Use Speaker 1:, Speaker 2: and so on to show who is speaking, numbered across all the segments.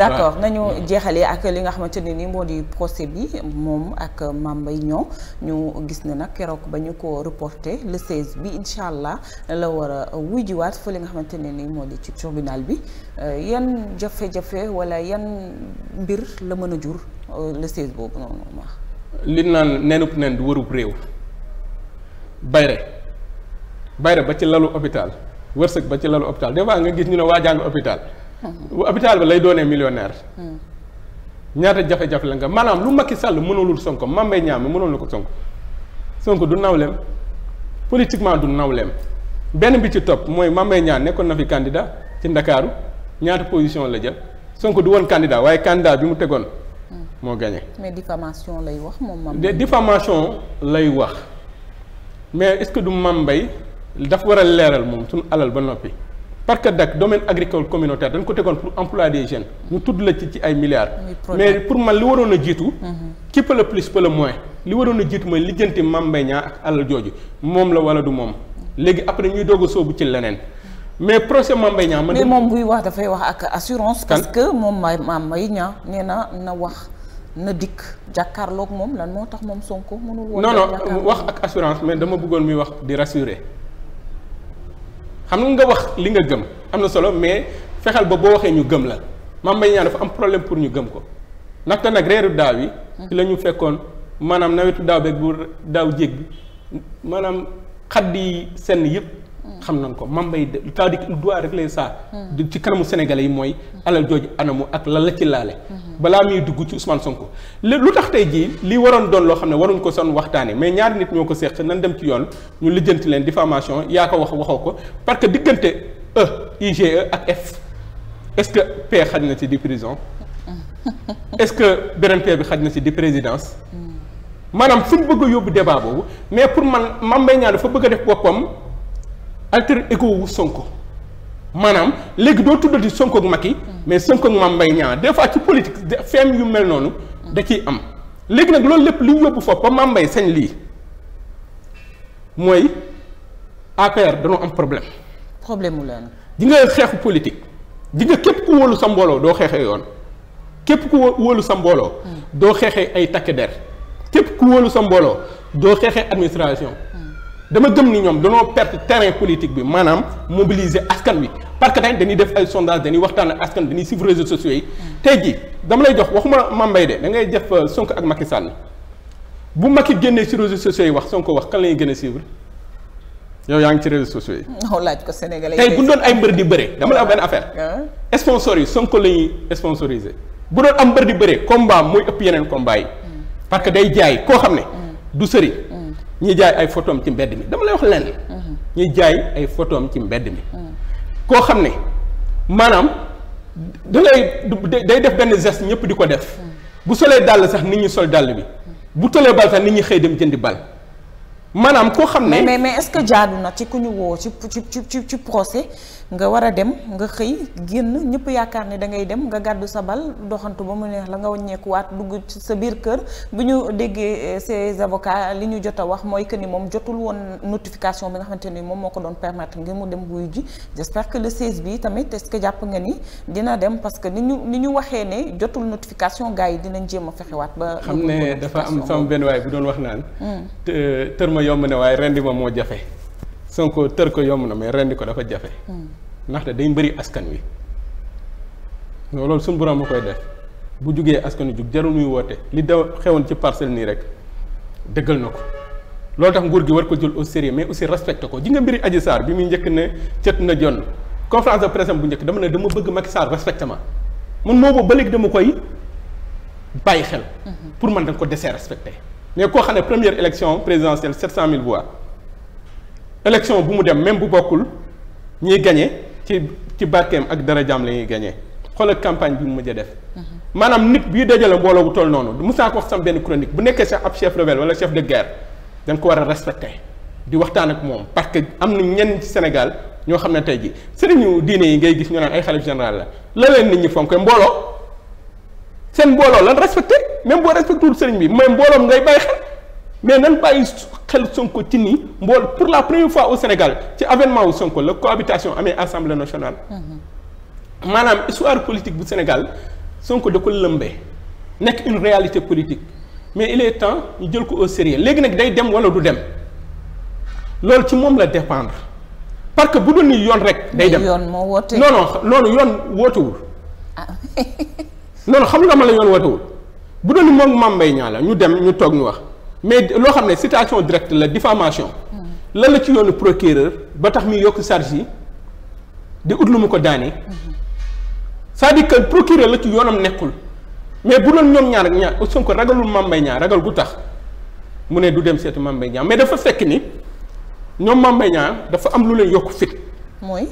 Speaker 1: d'accord nañu jeexalee ak li nga xamante ne ni moo di procès bi moom ak mam Mbaye ñoo ñu gis na nag keroog ba ñu ko reporté le 16 bi incha allah la war a wujjiwaat fa li nga xamante ne ni moo di ci tribunal bi euh, yan jafe-jafe wala yan mbir la mën a jur euh, le 16 boobu noonu wax
Speaker 2: li naan nenub nen du wërub réew bayre bayre ba ci lalu hôpital wërsëg ba ci lalu hôpital des fois nga gis ñu ne waa jàng hôpital bu hôpital ba lay doonee millionaire ñaata jafe-jafe la nga maanaam lu Macky Sall mënulul Sonko Mame Mbaye Niang mënul na ko Sonko sonk du nawleem politiquement du nawleem benn bi ci topp mooy Mame Mbaye nekkoon na fi candidat ci Ndakaaru ñaata position la jël sonk du woon candidat waaye candidat bi mu tegoon. moo gagné.
Speaker 1: mais diffamation lay wax moom Mame
Speaker 2: Mbaye. lay wax mais est-ce que du Mame Mbaye daf war a leeral moom suñu alal ba noppi. parce que dak domaine agricole communautaire dañ ko tegoon pour emploi des jeunes mu tudd la ci ci ay milliards mais pour man li waroon a jiitu mhm. qui peut le plus peut le li waroon a jiitu mooy lijjanti Mame Mbaye Niang ak alal jooju moom la wala du moom léegi après ñuy doog a soobu ci leneen mais procès Mame Mbaye Niang man mais moom
Speaker 1: buy wax dafay wax ak assurance parce que moom ma Mbaye Niang nee na na wax na dikk jàkkaarloog moom la moo tax moom Sonko mënul woon non
Speaker 2: wax ak assurance mais dama bëggoon muy wax di rassurer xam nga nga wax li nga gëm am na solo mais fexel ba boo waxee ñu gëm la Mame Mbaye Niang dafa am problème pour ñu gëm ko ndaxte nag reeru daaw yi ci la ñu fekkoon maanaam nawetu daaw beeg bu daaw jéeg bi maanaam xaddi senn yëpp xam nañ ko Mame Mbaye c'est-à-dire il doit régler ça hmm. ci kanamu sénégal yi mooy alal jooju anamu ak lan la ci laale hmm. balaa muy dugg ci son Sonko lu tax tey jii li waroon doon loo xam ne waruñ ko son waxtaanee mais ñaari nit ñoo ko seq nan dem ci yoon ñu lijjanti leen diffamation yaa ko wax waxoo ko parce que diggante E IGE ak F est-ce que P xaj na ci di prison
Speaker 3: hmm.
Speaker 2: est-ce que beneen P bi xaj na ci di présidence maanaam fu ñu bëgg yóbbu débat boobu mais pour man Mame Mbaye Niang dafa bëgg a def boppam alter ego wu Sonko maanaam léegi doo tuddati Sonko ak yi mais Sonko ak Mame Mbaye Niang des fois ci politique feem yu mel noonu da ciy am léegi nag loolu lépp li ñu yóbbu foofu ba Mame Mbaye sañ lii mooy APR dañoo am problème.
Speaker 1: problème mu lan.
Speaker 2: di nga xeexu politique di nga képp ku wóolu sa mbooloo doo xeexee yoon képp ku wóolu sa mbooloo. Hmm. doo xeexee ay takk der képp ku wóolu sa mbooloo doo xeexee administration. Hmm. dama gëm ni ñoom danoo perte terrain politique bi maanaam mobiliser askan wi parce que tey dañuy def ay sondage dañuy waxtaan ak askan dañuy suivre réseaux sociaux yi. tey jii dama lay jox waxuma Mame Mbaye de da ngay def euh, Sonko ak Macky Sall bu Macky génnee ci réseaux sociaux yi wax Sonko wax kan la ñuy gën a suivre yow yaa ngi ci réseaux sociaux yi.
Speaker 1: Oh, laaj ko Sénégalais tey bu
Speaker 2: doon ay mbër di bëre dama la wax benn affaire. Ah. sponsor yi Sonko la ñuy sponsorisé bu doon am mbër di bëre combat mooy ëpp yeneen combat hmm. parce que day jaay koo xam ne hmm. du sëri ñuy jaay ay photom ci mbedd mi dama lay wax lenn. ñuy jaay ay photom ci mbedd mi. koo xam ne maanaam da ngay day def benn geste ñëpp di ko def. Mm. bu solee dàll sax nit ñi sol dàll bi. bu tëlee bal sax nit ñi xëy dem jëndi bal. maanaam koo xam ne mais
Speaker 1: mais est-ce que jaadu na ci ku ñu woo ci ci ci ci procès nga war a dem nga xëy génn ñëpp yaakaar ne da ngay dem nga gàddu sa bal doxantu ba mu neex la nga wàññeekuwaat dugg ci sa biir kër bu ñu déggee eh, ses avocats li ñu jot a wax mooy que ni moom jotul woon notification bi nga xamante ni moom moo ko doon permettre ngir mu dem wuyu ji j'espère que le 16 bi tamit est-ce que jàpp nga ni dina dem parce que ni ñu ni ñu waxee ne jotul notification gars yi dinañ jéem a fexewaat ba. xam dafa am sama
Speaker 2: benn waay doon wax naan. Hmm. ma yomb na waaye rendi ma moo jafe Sonko tër ko yomb na mais rendi ko dafa jafe hmm. ndaxte day mbëri askan wi loolu suñu borom ma koy def bu jugee askan wi jug jarul muy woote li daw xewoon ci parcelle nii rek dëggal na ko loolu tax nguur gi war ko jël au sérieux mais aussi respecté ko ji nga mbiri Adji saar bi muy njëkk ne cët na jonn conférence de presse bu njëkk dama ne dama bëgg Macky saar respecté ma man moo ba léegi dama koy bàyyi xel hmm. pour man danga ko desee respecté mais koo xam ne première élection présidentielle 700000 voix élection bu mu dem même bu bokkul ñiy gagné ci ci barkeem ak dara jàmm la ñuy gagné xoolal campagne bi mu mujj def. Mhm. maanaam nit bii dajale mbooloo bu toll noonu mos naa ko wax sama benn chronique bu nekkee sax ab chef rebelle wala chef de guerre dañ ko war a respecté di waxtaan ak moom parce que am na ñenn ci Sénégal ñoo xam ne tey jii sëriñu diine yi ngay gis ñu naan ay xalif général la la leen nit fonk mbooloo seen mbooloo lan respecté. même boo respecté wul sëriñ bi mais mbooloom ngay bàyyi xel mais nan bàyyi xel Sonko ci nii mbool pour la première fois au Sénégal ci avènement wu Sonko la cohabitation amee assemblée nationale.
Speaker 3: Mm-hmm.
Speaker 2: maanaam histoire politique bu Sénégal Sonko da ko lëmbee nekk une réalité politique mais il est temps ñu jël ko au sérieux léegi nag day dem wala du dem loolu ci moom la dépendre parce que bu dul ni yoon rek. day dem yoon moo woote non non loolu yoon wootewul. ah non non xam nga ma la yoon wootewul. bu doon moom Mame Mbaye la ñu dem ñu toog ñu wax mais loo xam ne citation directe la diffamation mm. lan la ci yoonu procureur ba tax muy yokk sargi yi di ut lu mu ko daanee mm-hmm. saa à dire procureur la ci yoonam nekkul mais bu doon ñoom ñaar ak ñaar Sonko ragalul Mame Mbaye ragal gu tax mu ne du dem seetu Mame Mbaye Niang mais dafa fekk ni ñoom Mame dafa am lu leen yokk fit mooy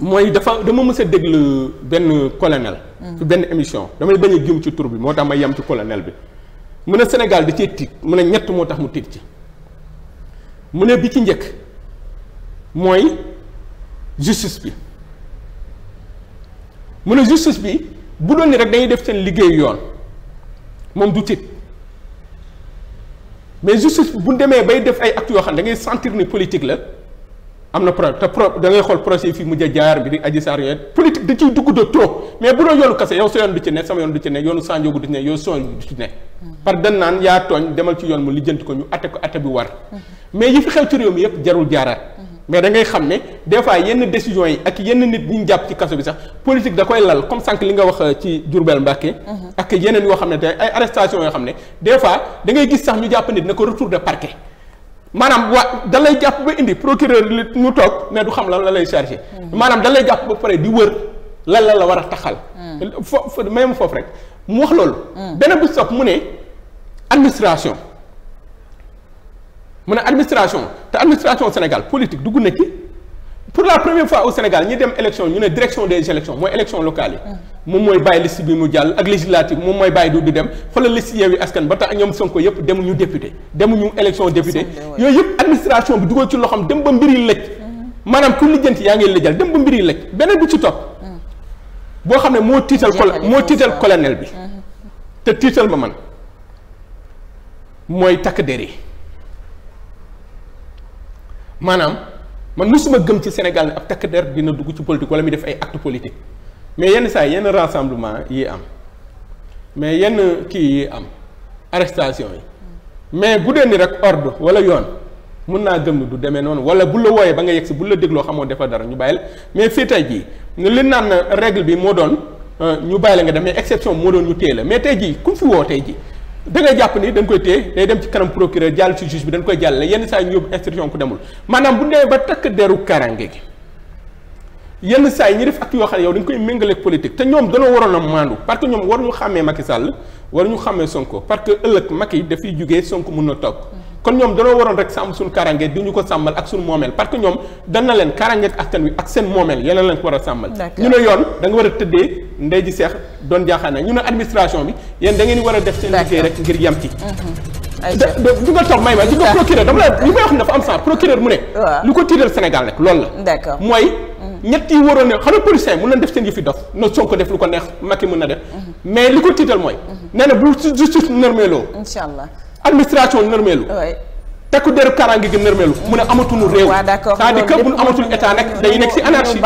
Speaker 2: mooy dafa dama mës déglu benn colonel. Mm. ci benn émission damay bañ a ci tur bi moo tax ma yem ci colonel bi mu ne Sénégal da cee tiit mu ne ñett moo tax mu tiit ci mu ne bi ci njëkk mooy justice bi mu ne justice bi bu doon ni rek dañuy def seen liggéey yoon moom du tiit mais justice bi bu demee bay def ay actes yoo xam ne da ngay sentir ni politique la. am na problème te pro da ngay xool projet yi fi mujj a jaar bi di aji saar yooyu politique da ciy dugg de trop mais bu doon yoonu kase yow sa yoon du ci ne sama yoon du ci ne yoonu sandiogu du ci ne yow sa yoon du ci ne par dan naan yaa tooñ demal ci yoon mu lijjanti ko ñu atte ko atte bi war mais yi fi xew ci réew mi yëpp jarul jaaraat mais da ngay xam ne des fois yenn décisions yi ak yenn nit ñi ñu jàpp ci kaso bi sax politique da koy lal comme sànq li nga wax euh, ci Diourbel Mbàkke mhm. ak yeneen yoo xam ne te ay arrestation yoo xam ne des fois da ngay gis sax ñu jàpp nit na ko retour de parquet maanaam wa dalay jàpp ba indi procureur li ñu toog mais du xam lan la lay chargé. Hmm. maanaam dalay jàpp ba pare di wër lan la la war a taxal. Hmm. fo même foofu rek mu wax loolu. Hmm. beneen bu sopp mu ne administration mu ne administration te administration Sénégal politique dugg na ci pour la première fois au Sénégal ñi dem élection ñu ne direction des élections mooy élection locale yi. moom mooy bàyyi liste bi mu jàll ak législative moom mooy bàyyi du du dem xoolal liste Yewwi Askan ba tax ñoom Sonko yëpp ñu député demuñu élection député yooyu yëpp administration bi dugal ci loxoom dem ba mbiri lëj mm-hmm. maanaam ku lijjanti yaa ngi lijjal dem ba mbiri lëj beneen bi ci topp mm. boo xam ne moo tiital col moo tiital colonel bi mm-hmm. te tiital ma man mooy takk der yi maanaam man musuma gëm ci Sénégal ne ab takk der dina dugg ci politique wala muy def ay acte politique mais yenn saa yenn rassemblement yi am mais yenn kii yi am arrestation yi mais bu dee ni rek ordre wala yoon mun naa gëm du demee noonu wala bu la wooyee ba nga yegg si bu la dégloo xamoo defa dara ñu bàyyi la mais fii tey jii leen naan règle bi moo doon euh, ñu bàyyi la nga dem mais exception moo doon ñu téye la mais tey jii ku fi woo tey jii da nga jàpp ni dañ koy téye day dem ci kanam procureur jàll ci juge bi dañ koy jàllale yenn saa ñu yóbbu instruction ku demul bu demee ba takk deru karange gi yenn saa yi ñu def ak yoo xam ne yow dañ koy méngaleeg politique te ñoom dañoo waroon a maandu parce que ñoom war ñu xàmmee Macky Sall war ñu xàmmee Sonko parce que ëllëg Macky dafiy jugee Sonko mun na toog kon ñoom danoo waroon rek sàmm suñu karange di ñu ko sàmmal ak suñu moomeel parce que ñoom dana leen karange ak askan wi ak seen moomeel yeneen leen ko war a sàmmal ñu ne yoon da nga war a tëddee ndey ji seex doon jaaxaan na ñu ne administration bi yéen da ngeen war a def seen liggéey rek ngir yem ci mhm. di nga toog may ma di nga ah. procureur dama la li may wax ne dafa am sens procureur mu ne lu ko tiiral Sénégal rek loolu la mooy mm. ñett waroon ne xam nga policiers yi mën def seen yëfi dof na Sonko def lu ko neex Macky mën na def mm-hmm. mais li ko tiital mooy mm-hmm. nee na bu justice nërmeeloo inchallah administration nërmeelu takku deru kaaraange gi nërmeelu mu ne amatuñu réew c'est-à-dire bu ñu amatul état
Speaker 3: nag dañuy nekk ci anarchie